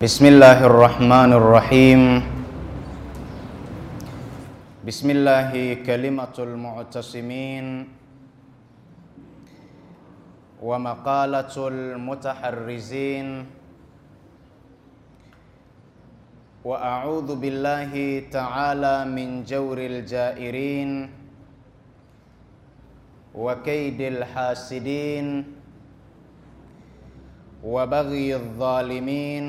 بسم الله الرحمن الرحيم بسم الله كلمة المعتصمين ومقالة المتحرزين وأعوذ بالله تعالى من جور الجائرين وكيد الحاسدين وبغي الظالمين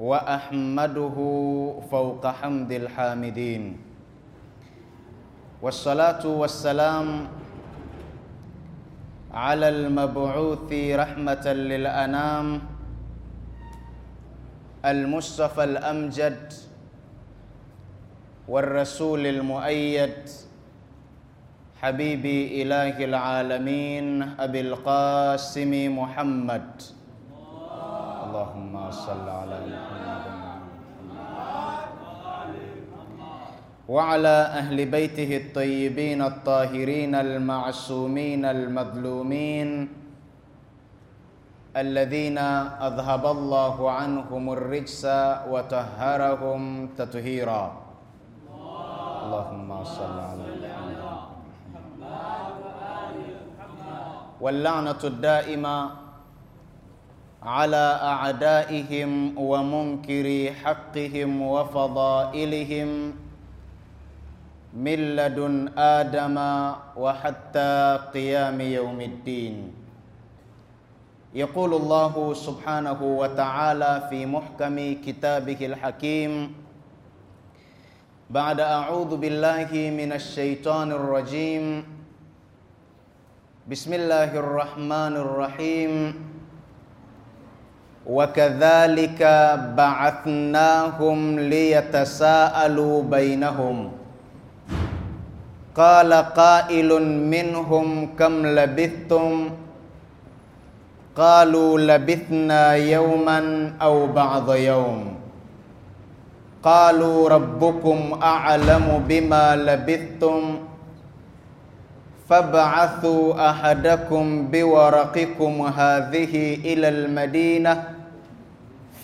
وأحمده فوق حمد الحامدين والصلاة والسلام على المبعوث رحمة للأنام المصطفى الأمجد والرسول المؤيد حبيبي إله العالمين أبي القاسم محمد اللهم صل على محمد وعلى اهل بيته الطيبين الطاهرين المعصومين المظلومين الذين اذهب الله عنهم الرجس وطهرهم تطهيرا اللهم صل على واللعنه الدائمه على اعدائهم ومنكري حقهم وفضائلهم من لدن آدم وحتى قيام يوم الدين يقول الله سبحانه وتعالى في محكم كتابه الحكيم بعد أعوذ بالله من الشيطان الرجيم بسم الله الرحمن الرحيم وكذلك بعثناهم ليتساءلوا بينهم قال قائل منهم كم لبثتم قالوا لبثنا يوما او بعض يوم قالوا ربكم اعلم بما لبثتم فابعثوا احدكم بورقكم هذه الى المدينه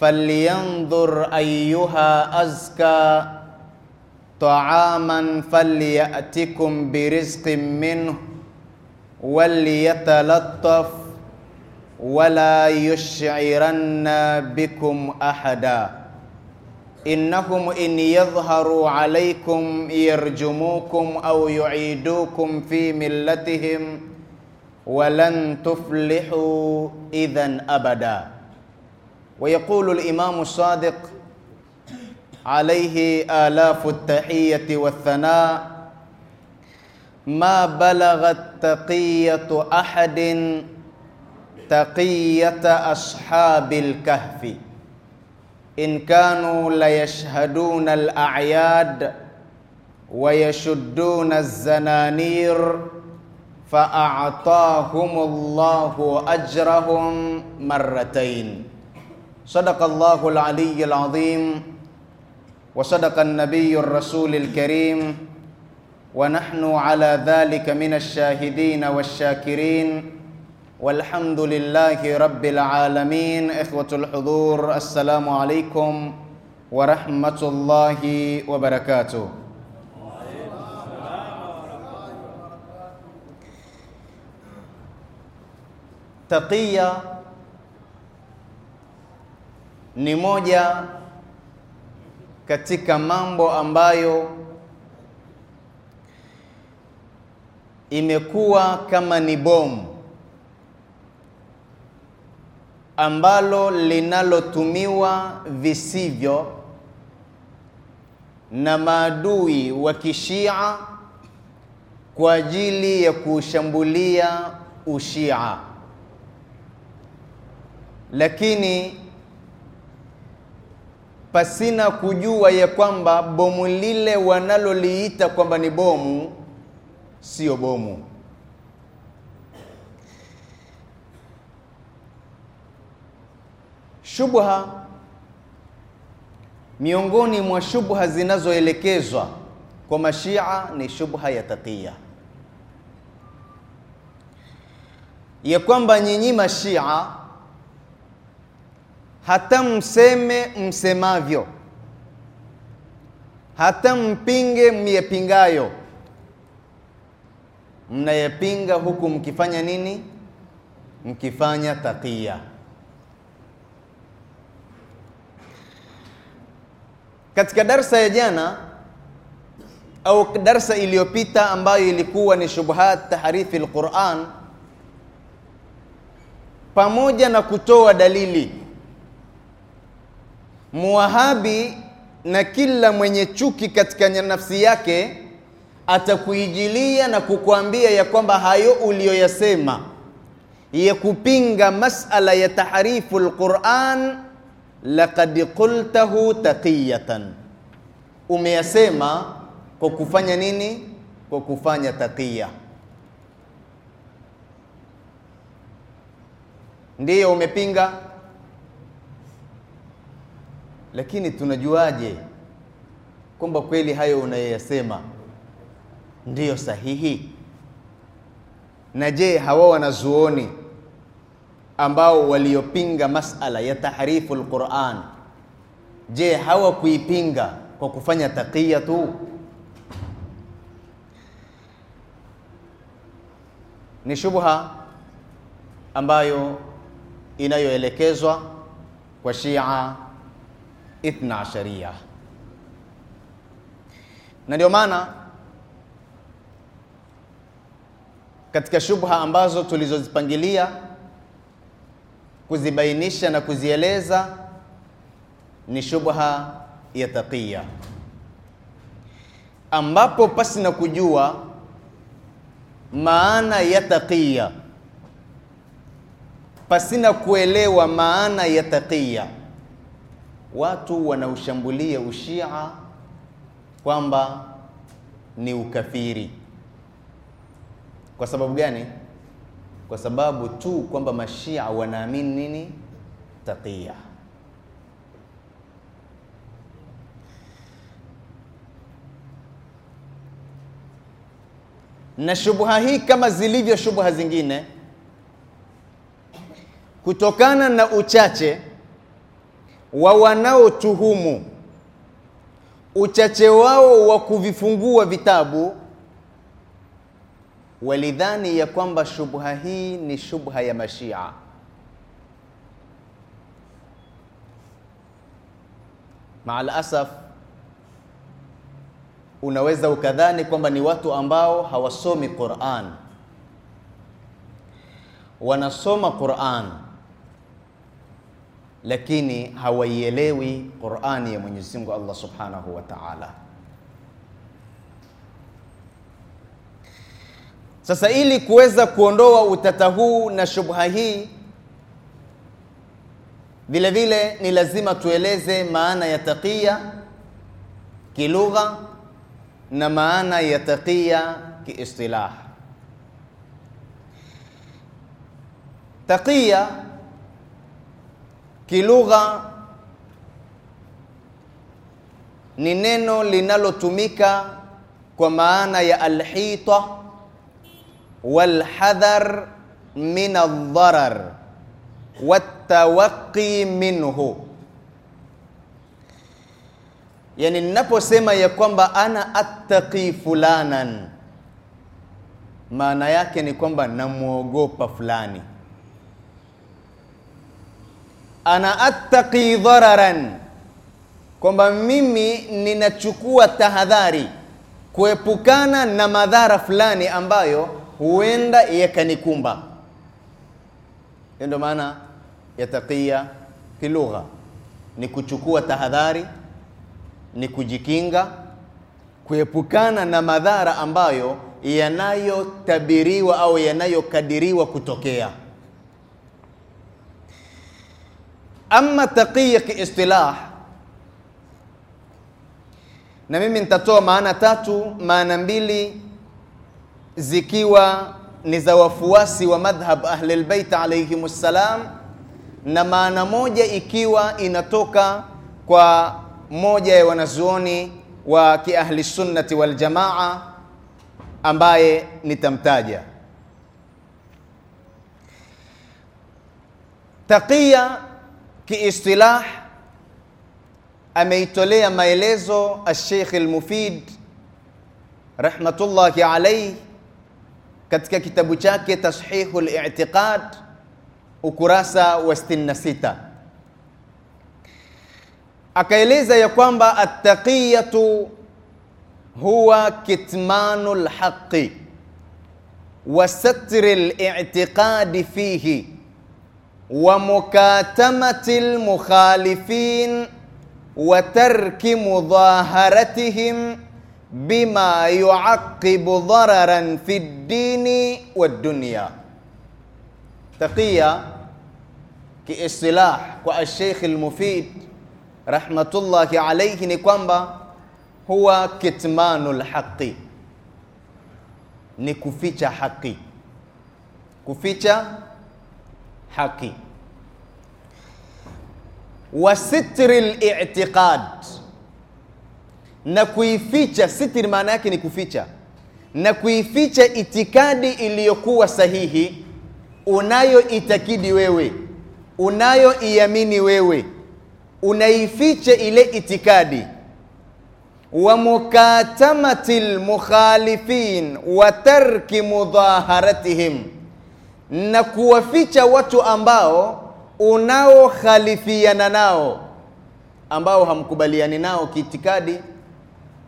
فلينظر ايها ازكى طعاما فليأتكم برزق منه وليتلطف ولا يشعرن بكم أحدا إنهم إن يظهروا عليكم يرجموكم أو يعيدوكم في ملتهم ولن تفلحوا إذا أبدا ويقول الإمام الصادق عليه آلاف التحية والثناء ما بلغت تقية أحد تقية أصحاب الكهف إن كانوا ليشهدون الأعياد ويشدون الزنانير فأعطاهم الله أجرهم مرتين صدق الله العلي العظيم وصدق النبي الرسول الكريم ونحن على ذلك من الشاهدين والشاكرين والحمد لله رب العالمين إخوة الحضور السلام عليكم ورحمة الله وبركاته تقية ni katika mambo ambayo imekuwa kama ni bomu ambalo linalotumiwa visivyo na maadui wa kishia kwa ajili ya kushambulia ushia, lakini pasina kujua ya kwamba bomu lile wanaloliita kwamba ni bomu sio bomu. Shubha, miongoni mwa shubha zinazoelekezwa kwa mashia ni shubha ya takia, ya kwamba nyinyi mashia hata mseme msemavyo, hata mpinge myepingayo, mnayepinga huku mkifanya nini? Mkifanya takia. Katika darsa ya jana au darsa iliyopita ambayo ilikuwa ni shubuhat tahrifi lquran pamoja na kutoa dalili muwahabi na kila mwenye chuki katika nafsi yake atakuijilia na kukuambia ya kwamba hayo uliyoyasema ya kupinga masala ya tahrifu lquran laqad qultahu taqiyatan, umeyasema kwa kufanya nini? Kwa kufanya taqiya, ndiyo umepinga lakini tunajuaje kwamba kweli hayo unayoyasema ndiyo sahihi? Na je, hawa wanazuoni ambao waliopinga masala ya tahrifu lquran je, hawakuipinga kwa kufanya taqiya tu? Ni shubha ambayo inayoelekezwa kwa Shia ithna sharia. na ndio maana katika shubha ambazo tulizozipangilia kuzibainisha na kuzieleza ni shubha ya taqiya, ambapo pasi na kujua maana ya taqiya, pasina kuelewa maana ya taqiya watu wanaoshambulia ushia kwamba ni ukafiri. Kwa sababu gani? Kwa sababu tu kwamba mashia wanaamini nini? Taqiya. Na shubha hii kama zilivyo shubha zingine, kutokana na uchache wa wanaotuhumu uchache wao wa kuvifungua vitabu walidhani ya kwamba shubha hii ni shubha ya Mashia. Maal asaf, unaweza ukadhani kwamba ni watu ambao hawasomi Qur'an, wanasoma Qur'an lakini hawaielewi Qur'ani ya Mwenyezi Mungu Allah Subhanahu wa Ta'ala. Sasa ili kuweza kuondoa utata huu na shubha hii, vile vile ni lazima tueleze maana ya taqiya kilugha na maana ya taqiya kiistilah. Taqiya Kilugha ni neno linalotumika kwa maana ya alhita walhadhar min aldharar watawaqi minhu, yani ninaposema ya kwamba ana attaqi fulanan, maana yake ni kwamba namwogopa fulani ana attaqi dhararan, kwamba mimi ninachukua tahadhari kuepukana na madhara fulani ambayo huenda yakanikumba. Hiyo ndio maana ya taqiya kilugha, ni kuchukua tahadhari, ni kujikinga, kuepukana na madhara ambayo yanayotabiriwa au yanayokadiriwa kutokea. Ama taqiyya kiistilah, na mimi nitatoa maana tatu, maana mbili zikiwa ni za wafuasi wa madhhab Ahlul Bait alayhimus salam, na maana moja ikiwa inatoka kwa moja ya wanazuoni wa kiahli sunnati wal jamaa ambaye nitamtaja. Taqiyya kiistilah ameitolea maelezo Sheikh al-Mufid rahmatullahi alayh katika kitabu chake Tashihul I'tiqad ukurasa wa 66 akaeleza ya kwamba attaqiyatu huwa kitmanul haqqi wa satri al-i'tiqadi fihi ومكاتمة المخالفين وترك مظاهرتهم بما يعقب ضررا في الدين والدنيا تقية kiistilah kwa Sheikh Al-Mufid rahmatullahi alayhi ni kwamba huwa kitmanul haqi, ni kuficha haki, kuficha haki wa sitri li'tiqad, na kuificha sitri, maana yake ni kuficha, na kuificha itikadi iliyokuwa sahihi, unayoitakidi wewe, unayoiamini wewe, unaificha ile itikadi. Wa mukatamati lmukhalifin wa tarki mudhaharatihim na kuwaficha watu ambao unaokhalifiana nao, ambao hamkubaliani nao kiitikadi,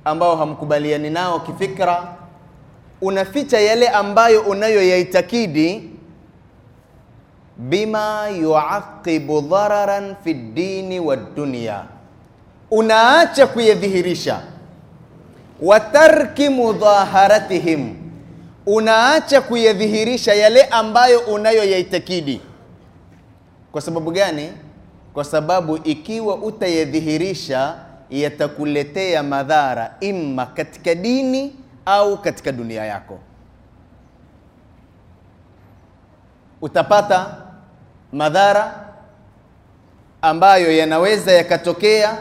ambao hamkubaliani nao kifikra. Unaficha yale ambayo unayoyaitakidi, bima yuaqibu dhararan fi ddini wa dunya, unaacha kuyadhihirisha. Watarki mudhaharatihim unaacha kuyadhihirisha yale ambayo unayoyaitakidi. Kwa sababu gani? Kwa sababu ikiwa utayadhihirisha yatakuletea madhara, imma katika dini au katika dunia yako. Utapata madhara ambayo yanaweza yakatokea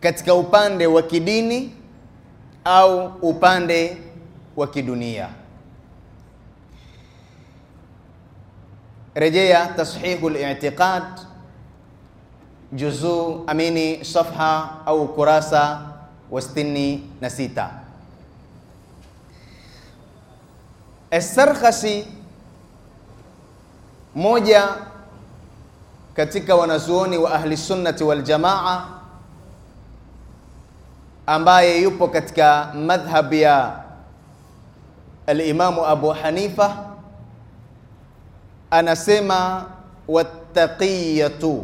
katika upande wa kidini au upande wa kidunia. Rejea Tashihul I'tiqad juzu amini safha au kurasa wa sitini na sita. Sarkhasi moja katika wanazuoni wa ahli sunnati wal jamaa ambaye yupo katika madhhab ya Al-Imamu Abu Hanifa anasema wattaqiyatu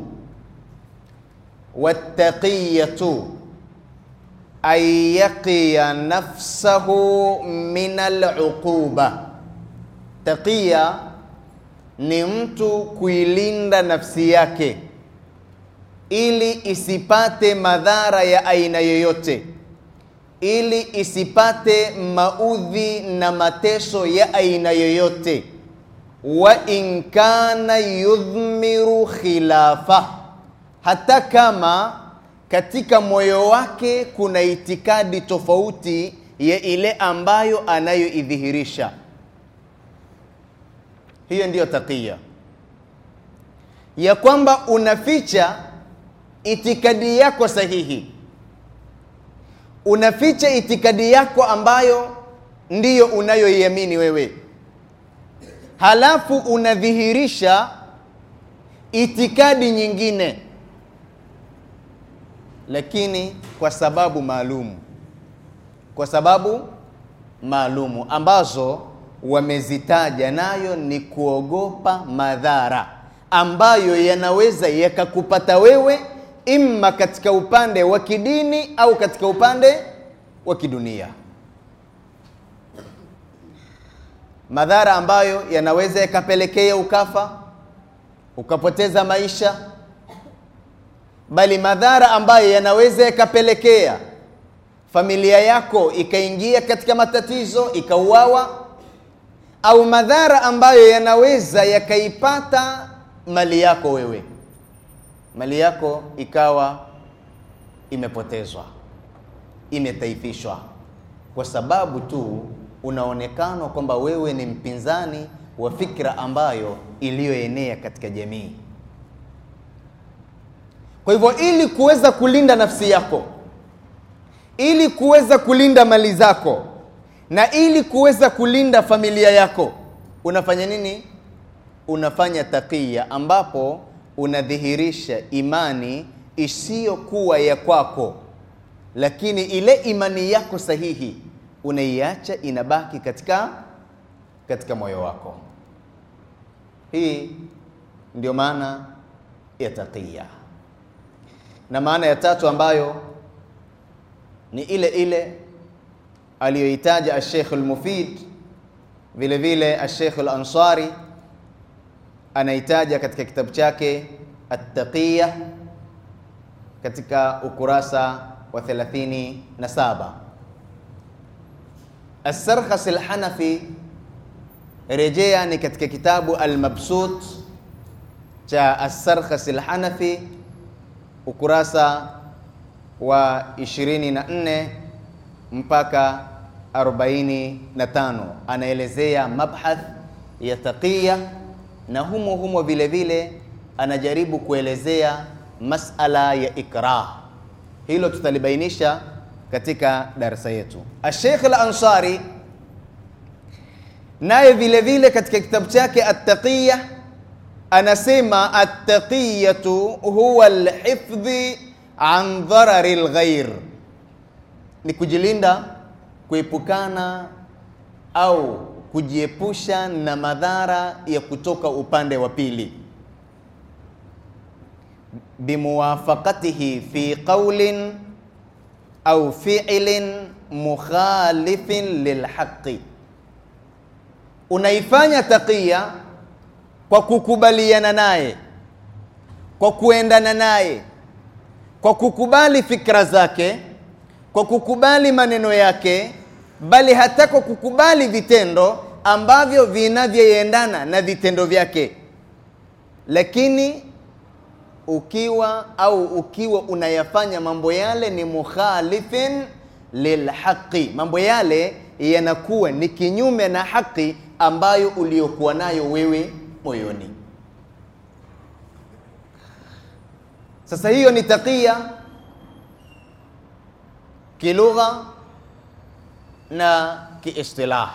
wattaqiyatu ay yaqiya nafsahu min al-uquba taqiya ni mtu kuilinda nafsi yake ili isipate madhara ya aina yoyote ili isipate maudhi na mateso ya aina yoyote. Wa inkana yudhmiru khilafa, hata kama katika moyo wake kuna itikadi tofauti ya ile ambayo anayoidhihirisha. Hiyo ndiyo takia ya kwamba unaficha itikadi yako sahihi unaficha itikadi yako ambayo ndiyo unayoiamini wewe, halafu unadhihirisha itikadi nyingine, lakini kwa sababu maalumu, kwa sababu maalumu ambazo wamezitaja, nayo ni kuogopa madhara ambayo yanaweza yakakupata wewe imma katika upande wa kidini au katika upande wa kidunia. Madhara ambayo yanaweza yakapelekea ukafa, ukapoteza maisha, bali madhara ambayo yanaweza yakapelekea familia yako ikaingia katika matatizo, ikauawa, au madhara ambayo yanaweza yakaipata mali yako wewe mali yako ikawa imepotezwa, imetaifishwa kwa sababu tu unaonekana kwamba wewe ni mpinzani wa fikra ambayo iliyoenea katika jamii. Kwa hivyo, ili kuweza kulinda nafsi yako, ili kuweza kulinda mali zako, na ili kuweza kulinda familia yako, unafanya nini? Unafanya taqiya ambapo unadhihirisha imani isiyokuwa ya kwako, lakini ile imani yako sahihi unaiacha inabaki katika katika moyo wako. Hii ndio maana ya taqiya. Na maana ya tatu ambayo ni ile ile aliyoitaja al-Sheikh al-Mufid vile vile al-Sheikh al-Ansari anaitaja katika kitabu chake at katika ukurasa wa 37. As-Sarkhasi rejea ni katika kitabu almabsut cha As-Sarkhasi Al-Hanafi ukurasa wa 24 mpaka 45, anaelezea mabhath ya taqiya na humo humo vile vile anajaribu kuelezea masala ya ikrah. Hilo tutalibainisha katika darasa yetu. Asheikh Al-Ansari naye vile vile katika kitabu chake at anasema at-taqiyatu huwa al-hifdhi an dharari al-ghair, ni kujilinda kuepukana au kujiepusha na madhara ya kutoka upande wa pili. Bimuwafaqatihi fi qaulin au fi'lin mukhalifin lilhaqi, unaifanya taqiya kwa kukubaliana naye, kwa kuendana naye, kwa kukubali fikra zake, kwa kukubali maneno yake bali hatako kukubali vitendo ambavyo vinavyoendana na vitendo vyake. Lakini ukiwa au ukiwa unayafanya mambo yale ni mukhalifin lilhaqi, mambo yale yanakuwa ni kinyume na haqi ambayo uliyokuwa nayo wewe moyoni. Sasa hiyo ni taqia kilugha na kiistilah.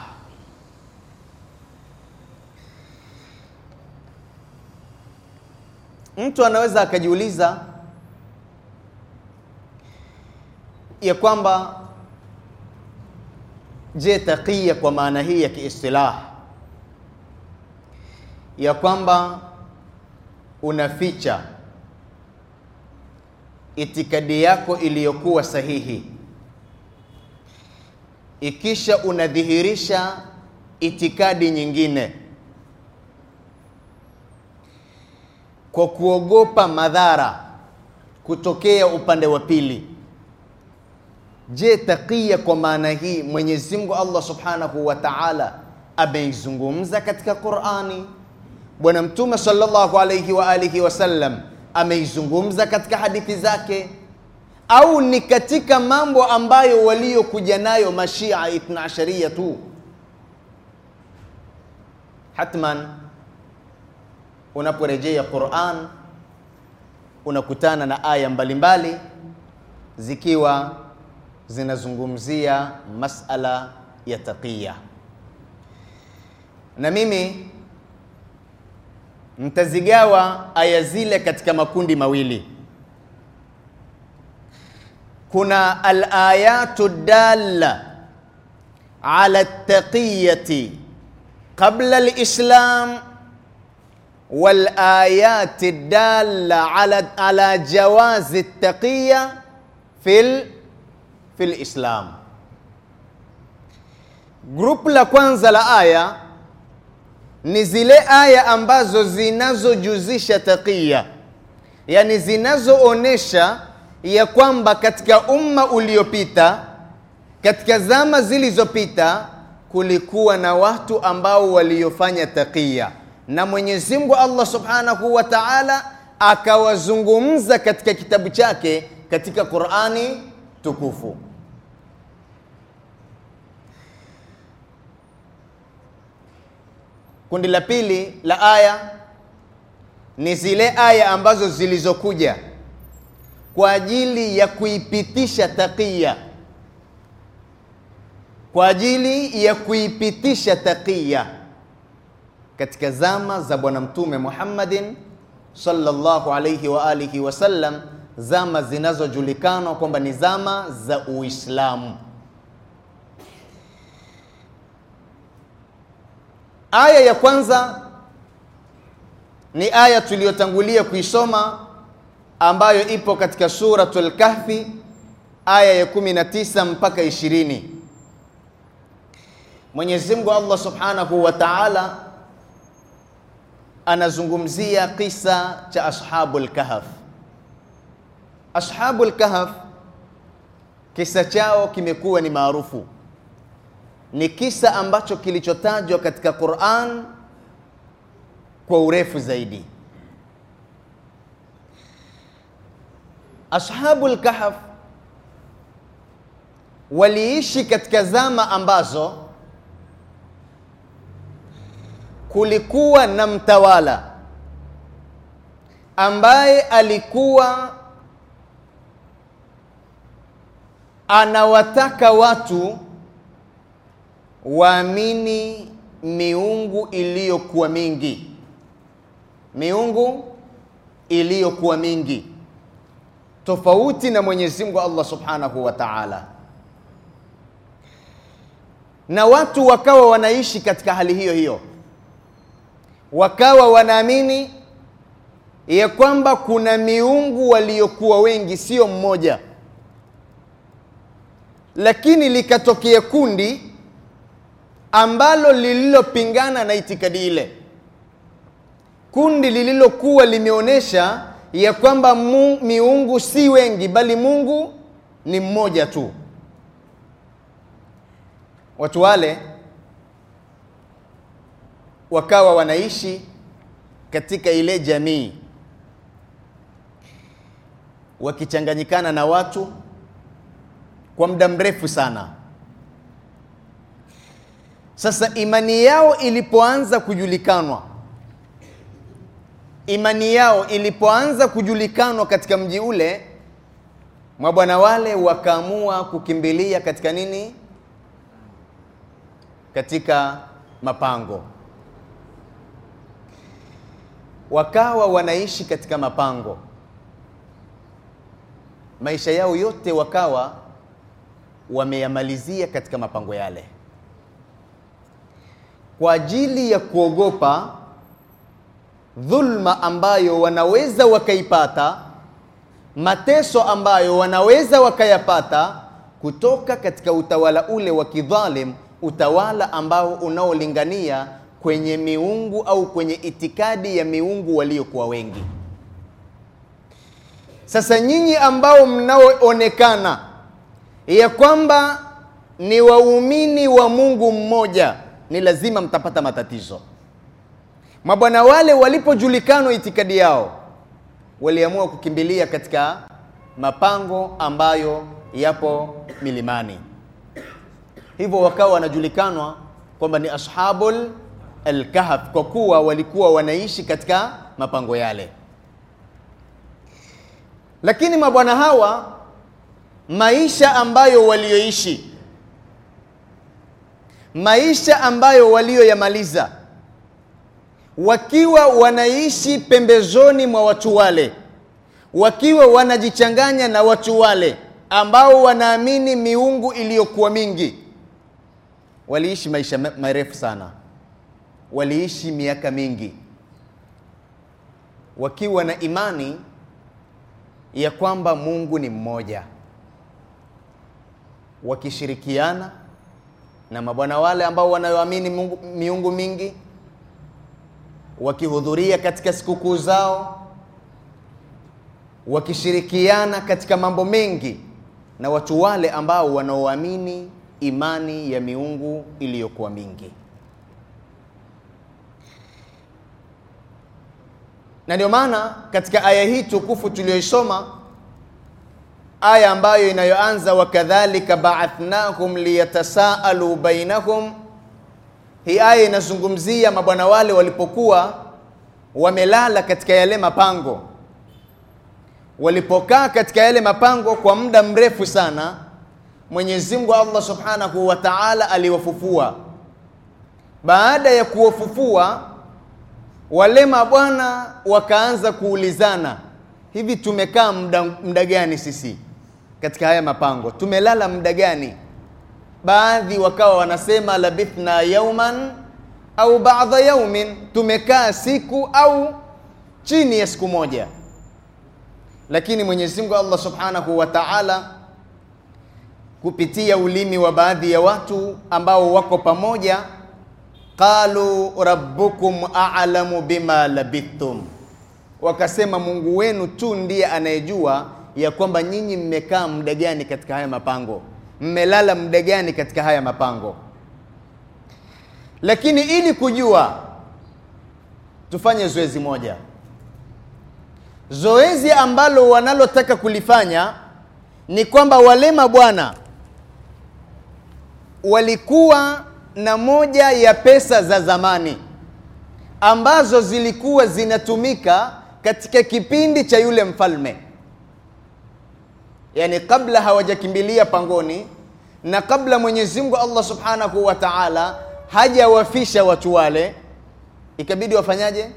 Mtu anaweza akajiuliza ya kwamba je, taqiya kwa maana hii ya kiistilah ya kwamba unaficha itikadi yako iliyokuwa sahihi ikisha unadhihirisha itikadi nyingine kwa kuogopa madhara kutokea upande wa pili. Je, takia kwa maana hii Mwenyezi Mungu Allah Subhanahu wa Ta'ala ameizungumza katika Qur'ani, Bwana Mtume sallallahu alayhi wa alihi wasallam ameizungumza katika hadithi zake au ni katika mambo ambayo waliokuja nayo mashia asharia tu. Hatman, unaporejea Quran unakutana na aya mbalimbali zikiwa zinazungumzia masala ya taqiya, na mimi mtazigawa aya zile katika makundi mawili kuna alayatu dalla ala taqiyati qabla alislam والايات الداله على على جواز التقيه في ال في grupu la kwanza la aya ni zile aya ambazo zinazojuzisha taqiya yani zinazoonesha ya kwamba katika umma uliopita, katika zama zilizopita, kulikuwa na watu ambao waliofanya taqiya, na Mwenyezi Mungu Allah Subhanahu wa Ta'ala akawazungumza katika kitabu chake katika Qur'ani tukufu. Kundi la pili la aya ni zile aya ambazo zilizokuja kwa ajili ya kuipitisha taqiya, kwa ajili ya kuipitisha taqiya katika zama za Bwana Mtume Muhammadin sallallahu alayhi wa alihi wasallam, zama zinazojulikana kwamba ni zama za Uislamu. Aya ya kwanza ni aya tuliyotangulia kuisoma ambayo ipo katika suratul Kahfi aya ya tisa mpaka ishirini. Mwenyezi Mungu Allah Subhanahu wa Ta'ala anazungumzia kisa cha Ashabul Kahf. Ashabul Kahf kisa chao kimekuwa ni maarufu, ni kisa ambacho kilichotajwa katika Qur'an kwa urefu zaidi Ashabul Kahf waliishi katika zama ambazo kulikuwa na mtawala ambaye alikuwa anawataka watu waamini miungu iliyokuwa mingi, miungu iliyokuwa mingi tofauti na Mwenyezi Mungu Allah Subhanahu wa Ta'ala, na watu wakawa wanaishi katika hali hiyo hiyo, wakawa wanaamini ya kwamba kuna miungu waliokuwa wengi, sio mmoja. Lakini likatokea kundi ambalo lililopingana na itikadi ile, kundi lililokuwa limeonyesha ya kwamba miungu si wengi, bali Mungu ni mmoja tu. Watu wale wakawa wanaishi katika ile jamii wakichanganyikana na watu kwa muda mrefu sana. Sasa imani yao ilipoanza kujulikanwa imani yao ilipoanza kujulikanwa katika mji ule, mabwana wale wakaamua kukimbilia katika nini? Katika mapango. Wakawa wanaishi katika mapango maisha yao yote wakawa wameyamalizia katika mapango yale, kwa ajili ya kuogopa dhulma ambayo wanaweza wakaipata, mateso ambayo wanaweza wakayapata kutoka katika utawala ule wa kidhalim, utawala ambao unaolingania kwenye miungu au kwenye itikadi ya miungu waliokuwa wengi. Sasa nyinyi ambao mnaoonekana ya kwamba ni waumini wa Mungu mmoja, ni lazima mtapata matatizo. Mabwana wale walipojulikana itikadi yao, waliamua kukimbilia katika mapango ambayo yapo milimani, hivyo wakawa wanajulikanwa kwamba ni ashabul alkahf kwa kuwa walikuwa wanaishi katika mapango yale. Lakini mabwana hawa maisha ambayo walioishi, maisha ambayo walioyamaliza wakiwa wanaishi pembezoni mwa watu wale, wakiwa wanajichanganya na watu wale ambao wanaamini miungu iliyokuwa mingi. Waliishi maisha marefu sana, waliishi miaka mingi wakiwa na imani ya kwamba Mungu ni mmoja, wakishirikiana na mabwana wale ambao wanaoamini miungu mingi wakihudhuria katika sikukuu zao, wakishirikiana katika mambo mengi na watu wale ambao wanaoamini imani ya miungu iliyokuwa mingi. Na ndio maana katika aya hii tukufu tuliyoisoma, aya ambayo inayoanza wakadhalika ba'athnahum liyatasaalu bainahum hii aya inazungumzia mabwana wale walipokuwa wamelala katika yale mapango, walipokaa katika yale mapango kwa muda mrefu sana, Mwenyezi Mungu Allah Subhanahu wa Ta'ala aliwafufua. Baada ya kuwafufua wale mabwana, wakaanza kuulizana, hivi tumekaa muda gani sisi katika haya mapango, tumelala muda gani? baadhi wakawa wanasema labithna yauman au ba'dha yaumin, tumekaa siku au chini ya siku moja. Lakini Mwenyezi Mungu Allah Subhanahu wa Ta'ala kupitia ulimi wa baadhi ya watu ambao wako pamoja, qalu rabbukum a'lamu bima labithtum, wakasema Mungu wenu tu ndiye anayejua ya kwamba nyinyi mmekaa muda gani katika haya mapango mmelala muda gani katika haya mapango. Lakini ili kujua, tufanye zoezi moja, zoezi ambalo wanalotaka kulifanya ni kwamba wale mabwana walikuwa na moja ya pesa za zamani ambazo zilikuwa zinatumika katika kipindi cha yule mfalme yani kabla hawajakimbilia pangoni na kabla Mwenyezi Mungu Allah Subhanahu wa Ta'ala hajawafisha watu wale, ikabidi wafanyaje?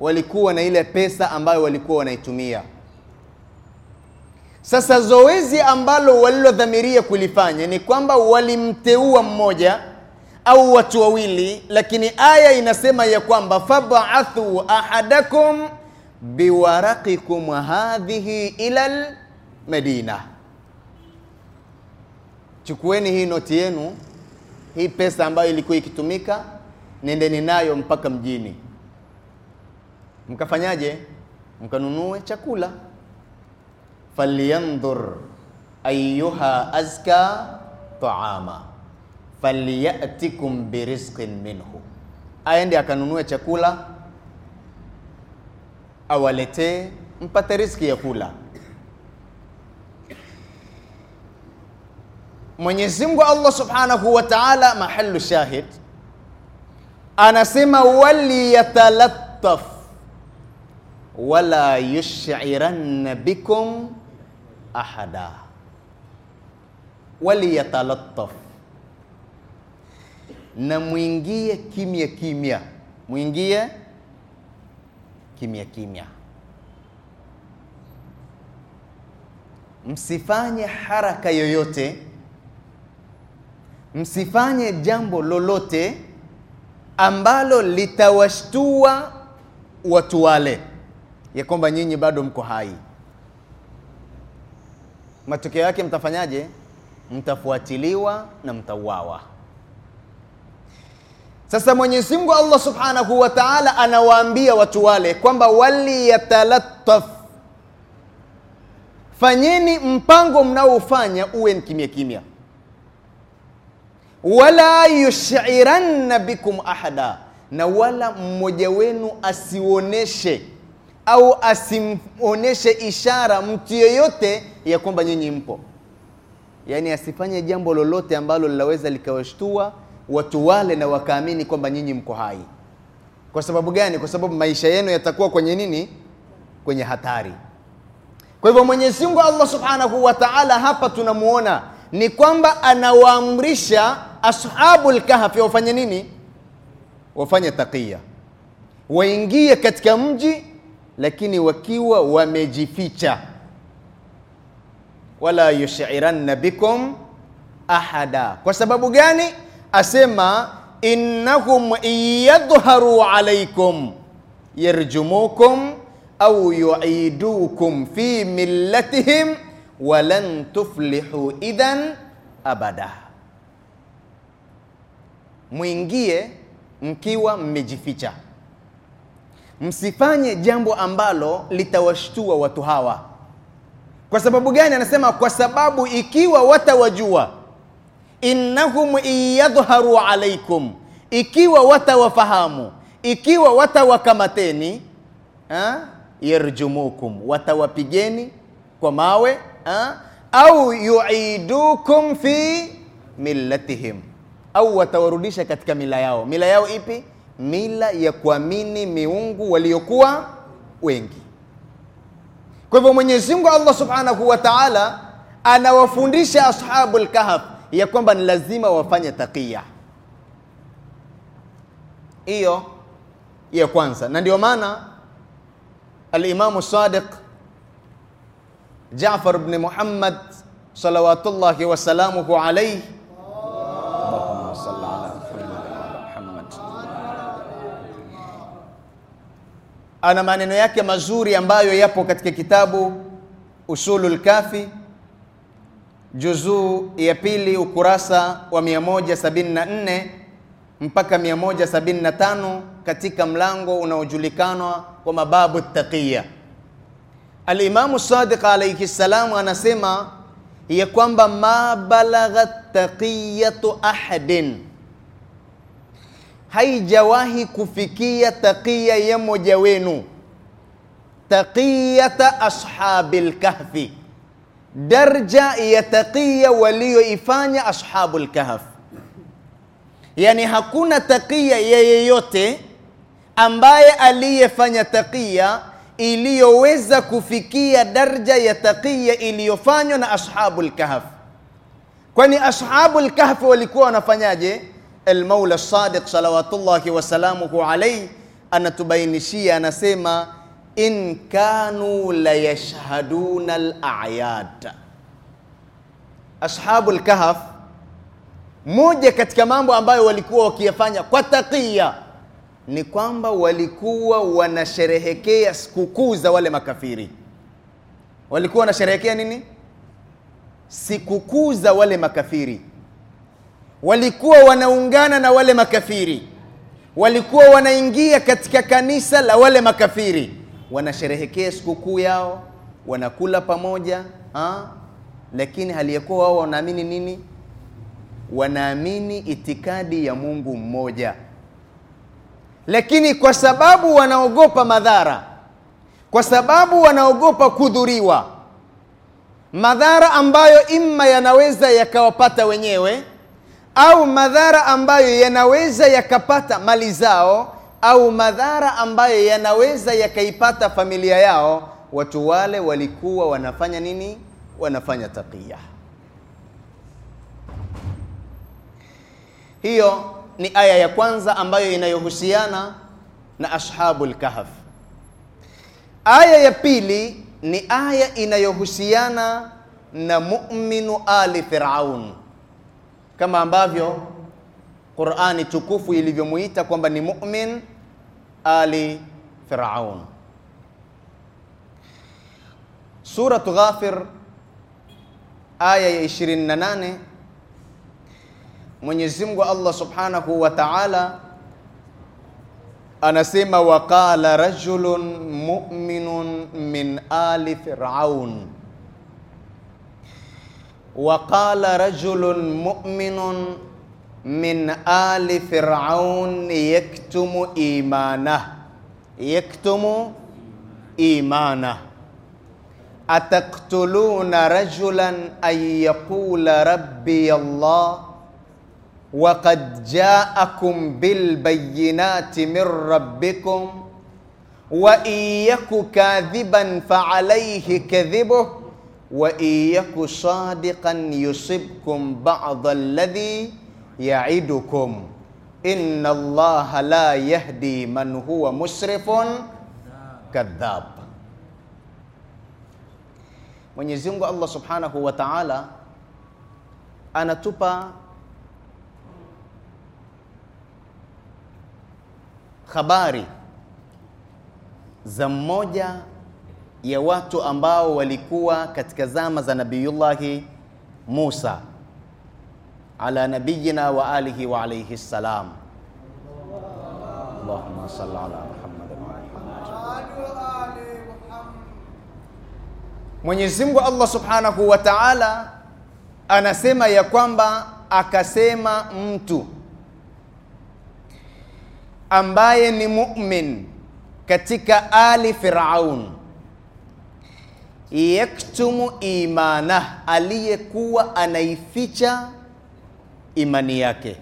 Walikuwa na ile pesa ambayo walikuwa wanaitumia. Sasa zoezi ambalo walilodhamiria kulifanya ni kwamba walimteua mmoja au watu wawili, lakini aya inasema ya kwamba fab'athu ahadakum biwaraqikum hadhihi ila Medina. Chukueni hii noti yenu, hii pesa ambayo ilikuwa ikitumika, nendeni nayo mpaka mjini, mkafanyaje? Mkanunue chakula. Falyandhur ayyuha azka taama falyatikum birizqin minhu, aende akanunue chakula awaletee mpate riski ya kula. Mwenyezi Mungu Allah Subhanahu wa Ta'ala, mahalu shahid, anasema waliyatalattaf wala yush'iranna bikum ahada. Waliyatalattaf, na mwingie kimya kimya, mwingie kimya kimya. Msifanye haraka yoyote, msifanye jambo lolote ambalo litawashtua watu wale ya kwamba nyinyi bado mko hai. Matokeo yake mtafanyaje? Mtafuatiliwa na mtauawa. Sasa Mwenyezi Mungu Allah Subhanahu wa Ta'ala anawaambia watu wale kwamba waliyatalattaf, fanyeni mpango mnaofanya uwe ni kimya kimya, wala yushiranna bikum ahada, na wala mmoja wenu asioneshe au asimuoneshe ishara mtu yeyote ya kwamba nyinyi mpo, yaani asifanye jambo lolote ambalo linaweza likawashtua watu wale na wakaamini kwamba nyinyi mko hai. Kwa sababu gani? Kwa sababu maisha yenu yatakuwa kwenye nini? Kwenye hatari. Kwa hivyo Mwenyezi Mungu Allah Subhanahu wa Ta'ala hapa tunamuona ni kwamba anawaamrisha ashabul lkahafi wafanye nini? Wafanye taqiya, waingie katika mji lakini wakiwa wamejificha. Wala yushiranna bikum ahada. Kwa sababu gani? asema innahum yadhharu alaikum yarjumukum au yuidukum fi millatihim walan tuflihu idhan abada, mwingie mkiwa mmejificha, msifanye jambo ambalo litawashtua watu hawa. Kwa sababu gani? Anasema kwa sababu ikiwa watawajua innahum iyadhharu alaikum, ikiwa watawafahamu, ikiwa watawakamateni yarjumukum, watawapigeni kwa mawe ha? au yuidukum fi millatihim, au watawarudisha katika mila yao. Mila yao ipi? Mila ya kuamini miungu waliokuwa wengi. Kwa hivyo Mwenyezi Mungu Allah Subhanahu wa Ta'ala anawafundisha ashabul kahf ya kwamba ni lazima wafanye takia. Hiyo ya kwanza, na ndio maana Alimamu Sadiq Jaafar ibn Muhammad salawatullahi wasalamuhu alayhi ana maneno yake mazuri ambayo yapo katika kitabu Usulul Kafi juzuu ya pili ukurasa wa 174 mpaka 175 katika mlango unaojulikanwa kwa mababu taqiya. Alimamu Sadiq alayhi salam anasema ya kwamba ma balaghat taqiyatu ahadin, haijawahi kufikia taqiya ya mmoja wenu taqiyata ashabil kahfi darja ya taqiya waliyoifanya ashabul kahf. Yani hakuna taqiya ya yeyote ambaye aliyefanya taqiya iliyoweza kufikia darja ya taqiya iliyofanywa na ashabu kahf. Kwani ashabu lkahfi walikuwa wanafanyaje? Almaula Sadiq salawatullahi wasalamuhu alaihi anatubainishia, anasema in kanu la yashhaduna al-a'yad. Ashabu kahf moja katika mambo ambayo walikuwa wakiyafanya kwa taqiya ni kwamba walikuwa wanasherehekea sikukuu za wale makafiri. Walikuwa wanasherehekea nini? Sikukuu za wale makafiri. Walikuwa wanaungana na wale makafiri, walikuwa wanaingia katika kanisa la wale makafiri wanasherehekea sikukuu yao, wanakula pamoja ha? Lakini hali wao wanaamini nini? Wanaamini itikadi ya Mungu mmoja, lakini kwa sababu wanaogopa madhara, kwa sababu wanaogopa kudhuriwa, madhara ambayo imma yanaweza yakawapata wenyewe au madhara ambayo yanaweza yakapata mali zao au madhara ambayo yanaweza yakaipata familia yao, watu wale walikuwa wanafanya nini? Wanafanya taqiya. Hiyo ni aya ya kwanza ambayo inayohusiana na ashabul kahf. Aya ya pili ni aya inayohusiana na mu'minu ali Firaun, kama ambavyo Qur'ani tukufu ilivyomuita kwamba ni mu'min آل فرعون سورة غافر آية يشرين ناني من يزمق الله سبحانه وتعالى أنا سيما وقال رجل مؤمن من آل فرعون وقال رجل مؤمن من آل فرعون يكتم إيمانه يكتم إيمانه أتقتلون رجلا أن يقول ربي الله وقد جاءكم بالبينات من ربكم وإن يك كاذبا فعليه كذبه وإن يك صادقا يصبكم بعض الذي yaidukum inna allaha la yahdi man huwa musrifun kadhab. Mwenyezi Mungu Allah Subhanahu wa Ta'ala anatupa habari za mmoja ya watu ambao walikuwa katika zama za Nabiyullahi Musa ala nabiyyina wa alihi wa alayhi salam. Allahumma salli ala Muhammad wa ali Muhammad. Mwenyezi Mungu Allah Subhanahu wa Ta'ala anasema ya kwamba akasema mtu ambaye ni mu'min katika ali Firaun yaktumu imanah, aliyekuwa anaificha imani yake.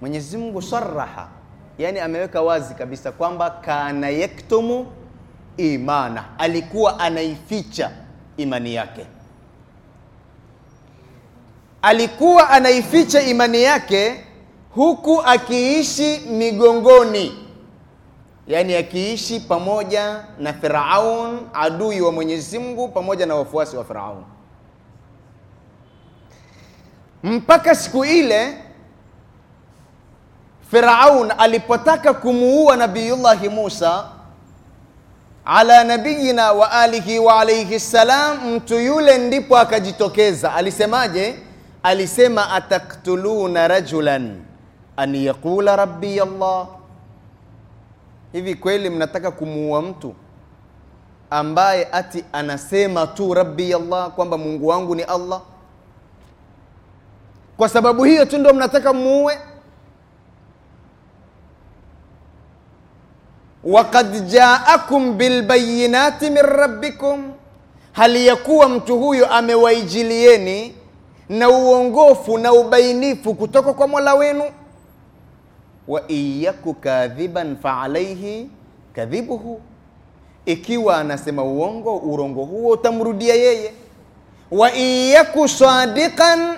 Mwenyezi Mungu saraha, yani ameweka wazi kabisa kwamba kana yaktumu imana, alikuwa anaificha imani yake, alikuwa anaificha imani yake huku akiishi migongoni, yani akiishi pamoja na Firaun, adui wa Mwenyezi Mungu, pamoja na wafuasi wa Firaun mpaka siku ile Firaun alipotaka kumuua Nabiyullahi Musa ala nabiyina wa alihi wa alayhi salam, mtu yule ndipo akajitokeza. Alisemaje? Alisema ataktuluna rajulan an yaqula rabbi Allah. Hivi kweli mnataka kumuua mtu ambaye ati anasema tu rabbi Allah, kwamba Mungu wangu ni Allah? kwa sababu hiyo tu ndo mnataka muue wakad jaakum bilbayinati min rabbikum hali ya kuwa mtu huyo amewaijilieni na uongofu na ubainifu kutoka kwa mola wenu wa iyaku kadhiban faalaihi kadhibuhu ikiwa anasema uongo urongo huo utamrudia yeye wa iyaku sadikan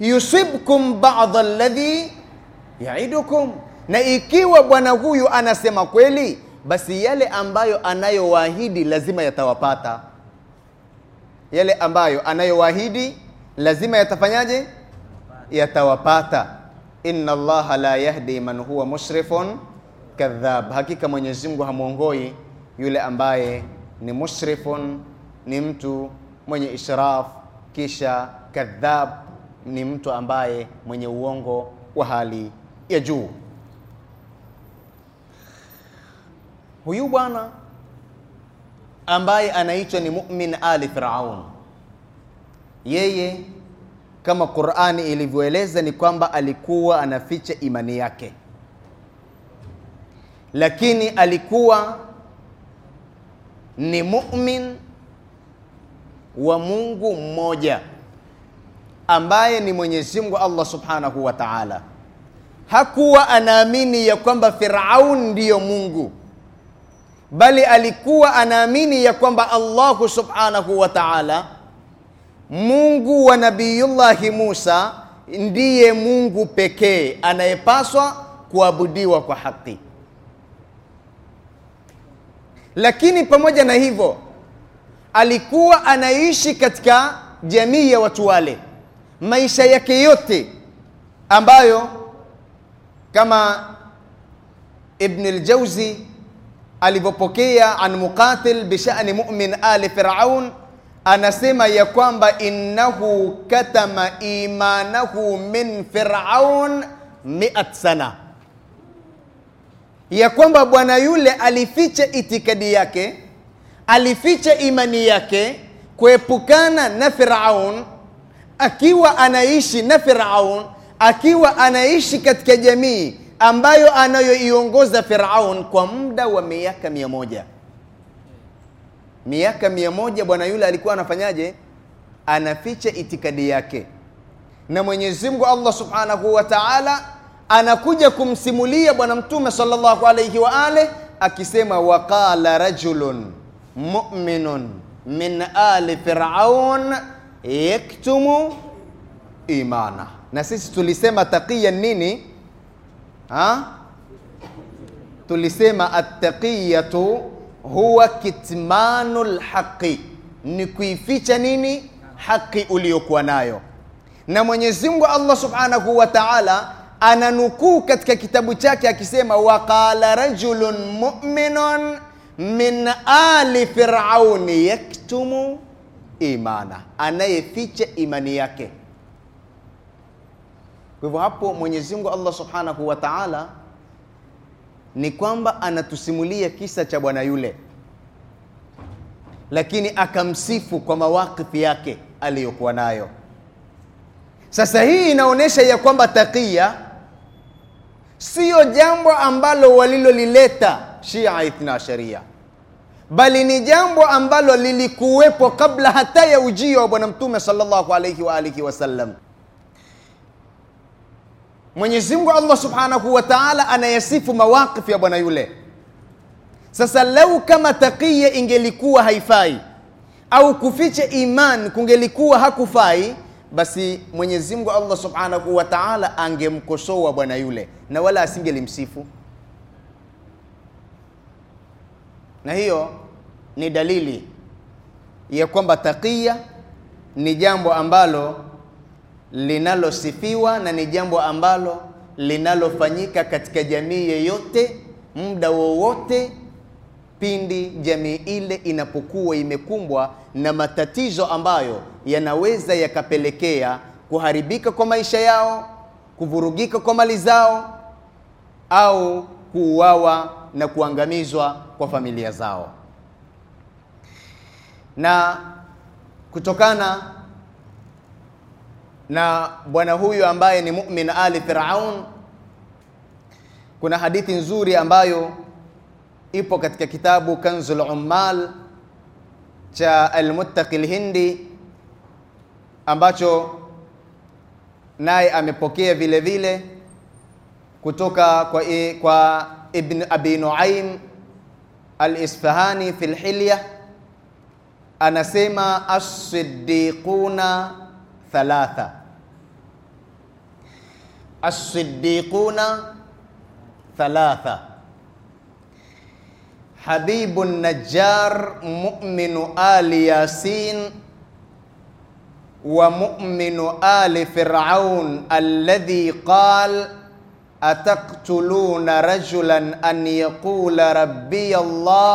yusibkum ba'dha alladhi yaidukum, na ikiwa bwana huyu anasema kweli, basi yale ambayo anayowaahidi lazima yatawapata. Yale ambayo anayowaahidi lazima yatafanyaje? Yatawapata. inna Allaha la yahdi man huwa mushrifun kadhab, hakika Mwenyezi Mungu hamwongoi yule ambaye ni mushrifun, ni mtu mwenye israf, kisha kadhab ni mtu ambaye mwenye uongo wa hali ya juu. Huyu bwana ambaye anaitwa ni mu'min ali Firaun, yeye kama Qur'ani ilivyoeleza ni kwamba alikuwa anaficha imani yake, lakini alikuwa ni mu'min wa Mungu mmoja ambaye ni Mwenyezi Mungu Allah Subhanahu wa Ta'ala. Hakuwa anaamini ya kwamba Firaun ndiyo Mungu, bali alikuwa anaamini ya kwamba Allahu Subhanahu wa Ta'ala, Mungu wa Nabiyullahi Musa, ndiye Mungu pekee anayepaswa kuabudiwa kwa haki. Lakini pamoja na hivyo alikuwa anaishi katika jamii ya watu wale maisha yake yote ambayo kama Ibn al-Jawzi alivyopokea an Muqatil bishani mu'min ali Firaun, anasema ya kwamba innahu katama imanahu min Firaun mi'at sana, ya kwamba bwana yule alificha itikadi yake, alificha imani yake kuepukana na Firaun akiwa anaishi na Firaun, akiwa anaishi katika jamii ambayo anayoiongoza Firaun kwa muda wa miaka mia moja miaka mia moja bwana yule alikuwa anafanyaje? Anaficha itikadi yake, na Mwenyezi Mungu Allah Subhanahu wa Ta'ala anakuja kumsimulia Bwana Mtume sallallahu alayhi wa ale akisema, waqala rajulun mu'minun min ali fir'aun yaktumu imana. Na sisi tulisema taqiya nini ha? Tulisema attaqiyatu huwa kitmanu lhaqi, ni kuificha nini haki uliyokuwa nayo. Na Mwenyezi Mungu Allah subhanahu wa taala ananukuu katika kitabu chake akisema, waqala rajulun mu'minun min ali firauni yaktumu imana, anayeficha imani yake. Kwa hivyo hapo Mwenyezi Mungu Allah Subhanahu wa Ta'ala ni kwamba anatusimulia kisa cha bwana yule, lakini akamsifu kwa mawakifu yake aliyokuwa nayo. Sasa hii inaonyesha ya kwamba takia siyo jambo ambalo walilolileta Shia Ithna Sharia bali ni jambo ambalo lilikuwepo kabla hata ya ujio wa Bwana Mtume sallallahu alaihi wa alihi wasallam. Mwenyezi Allah subhanahu wa taala anayesifu mawaqifu ya bwana yule. Sasa lau kama taqiya ingelikuwa haifai au kuficha iman kungelikuwa hakufai, basi mwenyezimngu Allah subhanahu wa taala angemkosoa bwana yule na wala asingelimsifu. na hiyo ni dalili ya kwamba taqiya ni jambo ambalo linalosifiwa na ni jambo ambalo linalofanyika katika jamii yeyote muda wowote, pindi jamii ile inapokuwa imekumbwa na matatizo ambayo yanaweza yakapelekea kuharibika kwa maisha yao, kuvurugika kwa mali zao au kuuawa na kuangamizwa kwa familia zao. Na kutokana na bwana huyu ambaye ni mumin ali Firaun, kuna hadithi nzuri ambayo ipo katika kitabu Kanzul Ummal cha Almuttaqi Lhindi ambacho naye amepokea vile vile kutoka kwa, kwa ابن أبي نعيم الإسفهاني في الحلية أنا سيما الصديقون ثلاثة الصديقون ثلاثة حبيب النجار مؤمن آل ياسين ومؤمن آل فرعون الذي قال ataktuluna rajulan an yaqula rabbiya Allah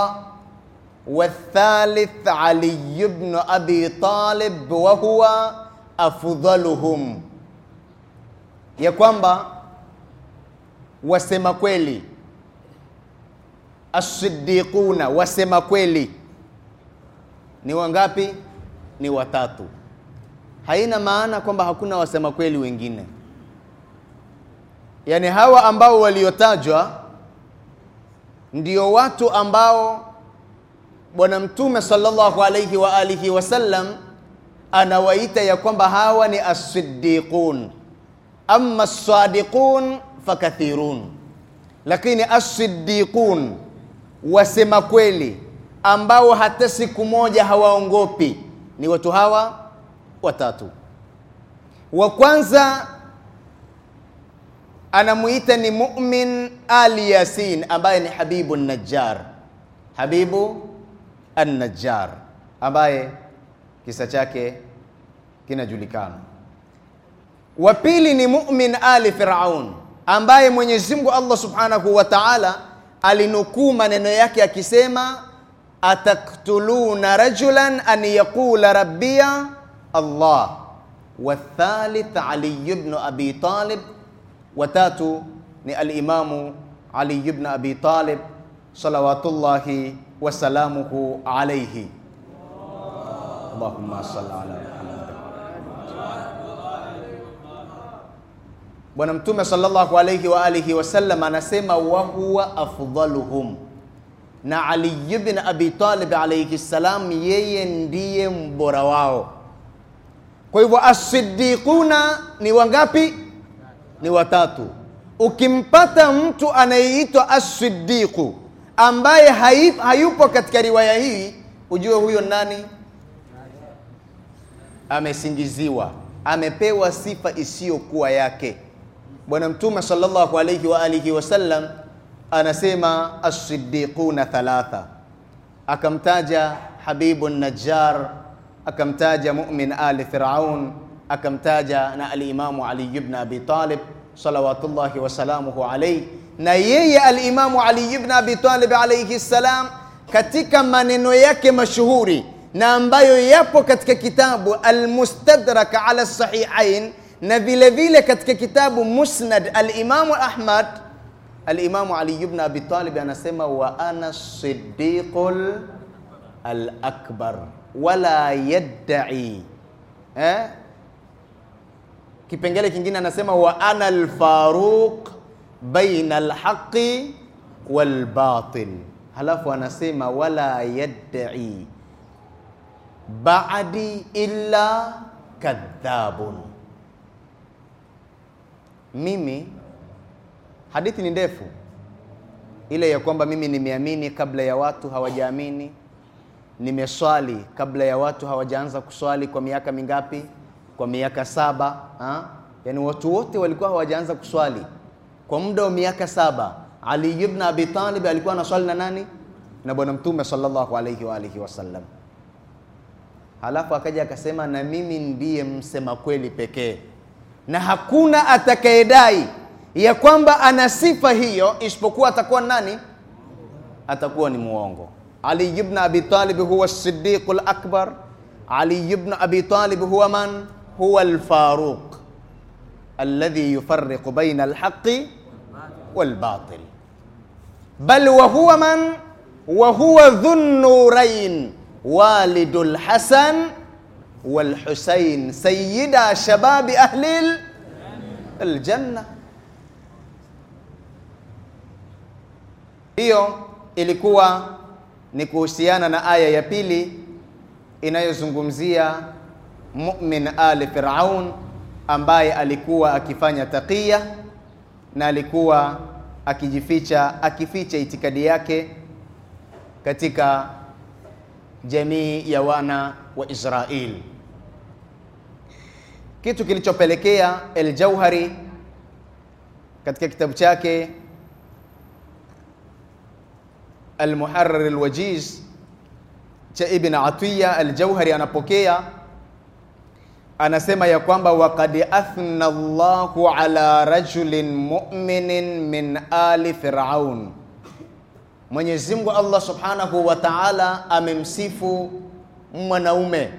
والثالث علي abi أبي طالب وهو afudhaluhum, ya kwamba wasema kweli asiddiquna, wasema kweli ni wangapi? Ni watatu. Haina maana kwamba hakuna wasema kweli wengine yani hawa ambao waliotajwa ndio watu ambao Bwana Mtume sallallahu alayhi wa alihi wasallam anawaita ya kwamba hawa ni as-siddiqun, amma as-sadiqun fakathirun, lakini as-siddiqun, wasema kweli ambao hata siku moja hawaongopi, ni watu hawa watatu. Wa kwanza anamuita ni Mumin Ali Yasin ambaye ni Habibu Najjar, Habibu An-Najjar ambaye kisa chake kinajulikana. Wa pili ni Mumin Ali Firaun ambaye Mwenyezi Mungu Allah Subhanahu wa Ta'ala alinukuu maneno yake akisema, ataktuluna rajulan an yaqula rabbiya Allah. Wathalith Ali ibn Abi Talib watatu ni alimamu Ali ibn Abi Talib salawatullahi wasalamuhu alaihi. Allahumma salli ala Muhammad. Bwana Mtume sallallahu alaihi wa alihi wasallam anasema wa huwa afdaluhum, na Ali ibn Abi Talib alaihi salam, yeye ndiye mbora wao. Kwa hivyo as-siddiquna ni wangapi? ni watatu. Ukimpata mtu anayeitwa as ambaye hayupo katika riwaya hii, ujue huyo nani amesingiziwa, amepewa sifa isiyokuwa yake. Bwana Mtume salllahu alaihi wa alihi wasallam anasema as thalatha, akamtaja Habibu Najjar, akamtaja Mumin ali Firaun akamtaja na alimamu Ali ibn Abi Talib salawatullahi salamuhu alayhi na yeye alimamu Ali ibn Abi Talib alayhi salam katika maneno yake mashuhuri na ambayo yapo katika kitabu Almustadrak ala Sahihain na vile vile katika kitabu Musnad Alimamu Ahmad, الإمام علي بن أبي طالب أنا wa وأنا الصديق الأكبر ولا يدعي yadda'i Kipengele kingine anasema wa ana alfaruq baina alhaqi walbatil, halafu anasema wala yad'i ba'di illa kadhabun. Mimi hadithi ni ndefu ile ya kwamba mimi nimeamini kabla ya watu hawajaamini, nimeswali kabla ya watu hawajaanza kuswali kwa miaka mingapi? kwa miaka saba ha? Yani watu wote walikuwa hawajaanza kuswali kwa muda wa miaka saba. Ali ibn Abi Talib alikuwa anaswali na nani? Na bwana Mtume sallallahu alayhi wa alihi wasallam. Halafu akaja akasema, na mimi ndiye msema kweli pekee, na hakuna atakayedai ya kwamba ana sifa hiyo isipokuwa atakuwa nani? Atakuwa ni muongo. Ali ibn Abi Talib huwa Siddiqul Akbar. Ali ibn Abi Talib huwa man هو الفاروق الذي يفرق بين الحق والباطل بل وهو من وهو ذو النورين والد الحسن والحسين سيدا شباب أهل الجنة hiyo ilikuwa ni kuhusiana na aya ya pili inayozungumzia mu'min ali Firaun ambaye alikuwa akifanya taqiya na alikuwa akijificha akificha itikadi yake katika jamii ya wana wa Israel. kitu kilichopelekea al katika kitabu chake Al-Muharrar Al-Wajiz cha Ibn Atiya Al-Jauhari anapokea anasema ya kwamba wakad athna Allahu ala rajulin mu'minin min ali Firaun, Mwenyezi Mungu Allah subhanahu wa ta'ala amemsifu mwanaume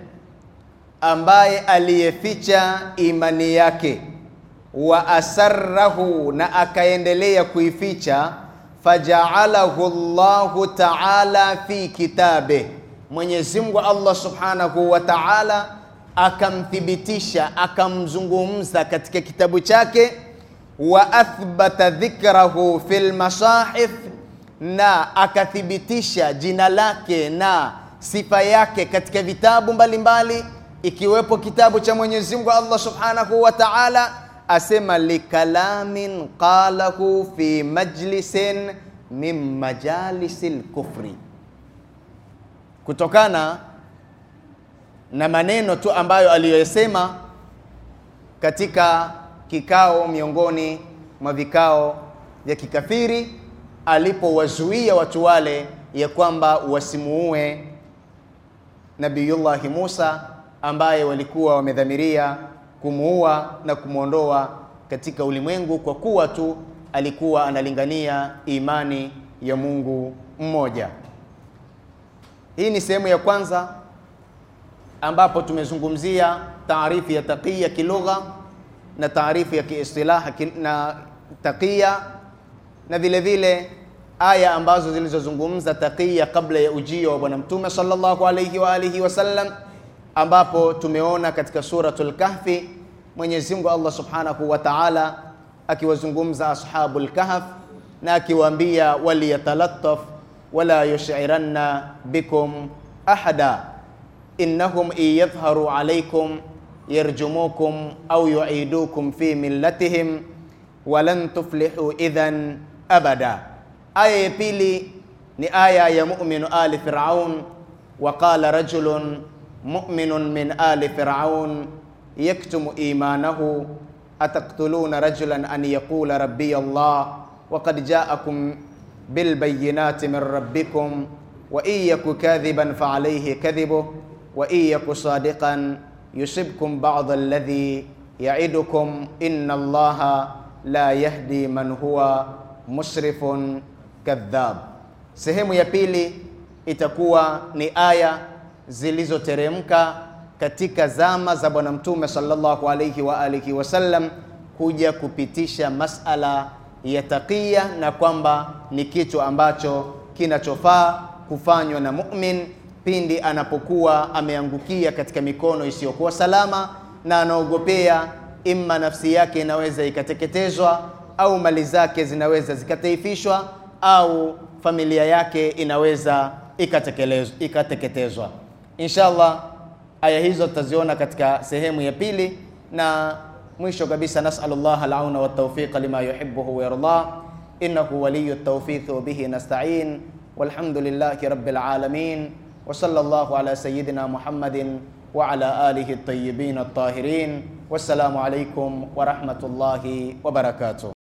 ambaye aliyeficha imani yake wa asarrahu, na akaendelea kuificha faja'alahu Allahu ta'ala fi kitabe, Mwenyezi Mungu Allah subhanahu wa ta'ala akamthibitisha akamzungumza katika kitabu chake wa athbata dhikrahu fi lmasahif, na akathibitisha jina lake na sifa yake katika vitabu mbalimbali mbali, ikiwepo kitabu cha Mwenyezi Mungu Allah Subhanahu wa Ta'ala, asema likalamin qalahu fi majlisin min majalisi lkufri, kutokana na maneno tu ambayo aliyoyasema katika kikao miongoni mwa vikao vya kikafiri alipowazuia watu wale ya kwamba wasimuue Nabiyullahi Musa ambaye walikuwa wamedhamiria kumuua na kumwondoa katika ulimwengu kwa kuwa tu alikuwa analingania imani ya Mungu mmoja. Hii ni sehemu ya kwanza ambapo tumezungumzia taarifu ya taqiya kilugha na taarifu ya kiistilaha na taqiya na vile vile aya ambazo zilizozungumza taqiya kabla ya ujio wa Bwana Mtume sallallahu alayhi wa alihi wasallam, ambapo tumeona katika suratul Kahfi Mwenyezi Mungu Allah subhanahu wa ta'ala akiwazungumza ashabul kahf na akiwaambia waliyatalattaf wala yushiranna bikum ahada إنهم إن يظهروا عليكم يرجموكم أو يعيدوكم في ملتهم ولن تفلحوا إذا أبدا آية بيلي نآية يا مؤمن آل فرعون وقال رجل مؤمن من آل فرعون يكتم إيمانه أتقتلون رجلا أن يقول ربي الله وقد جاءكم بالبينات من ربكم وإن يك كاذبا فعليه كذبه wa in sadiqan yusibkum ba'd alladhi ya'idukum inna Allaha la yahdi man huwa musrifun kadhab. Sehemu ya pili itakuwa ni aya zilizoteremka katika zama za Bwana Mtume sallallahu alayhi wa alihi wasallam kuja kupitisha masala ya taqiya na kwamba ni kitu ambacho kinachofaa kufanywa na mu'min pindi anapokuwa ameangukia katika mikono isiyokuwa salama na anaogopea imma nafsi yake inaweza ikateketezwa au mali zake zinaweza zikataifishwa au familia yake inaweza ikateketezwa. Inshallah, aya hizo tutaziona katika sehemu ya pili. Na mwisho kabisa, nasalullah alauna wataufiqa lima yuhibuhu wa yardah innahu waliyu tawfiq wa bihi nasta'in walhamdulillahi rabbil alamin وصلى الله على سيدنا محمد وعلى آله الطيبين الطاهرين والسلام عليكم ورحمة الله وبركاته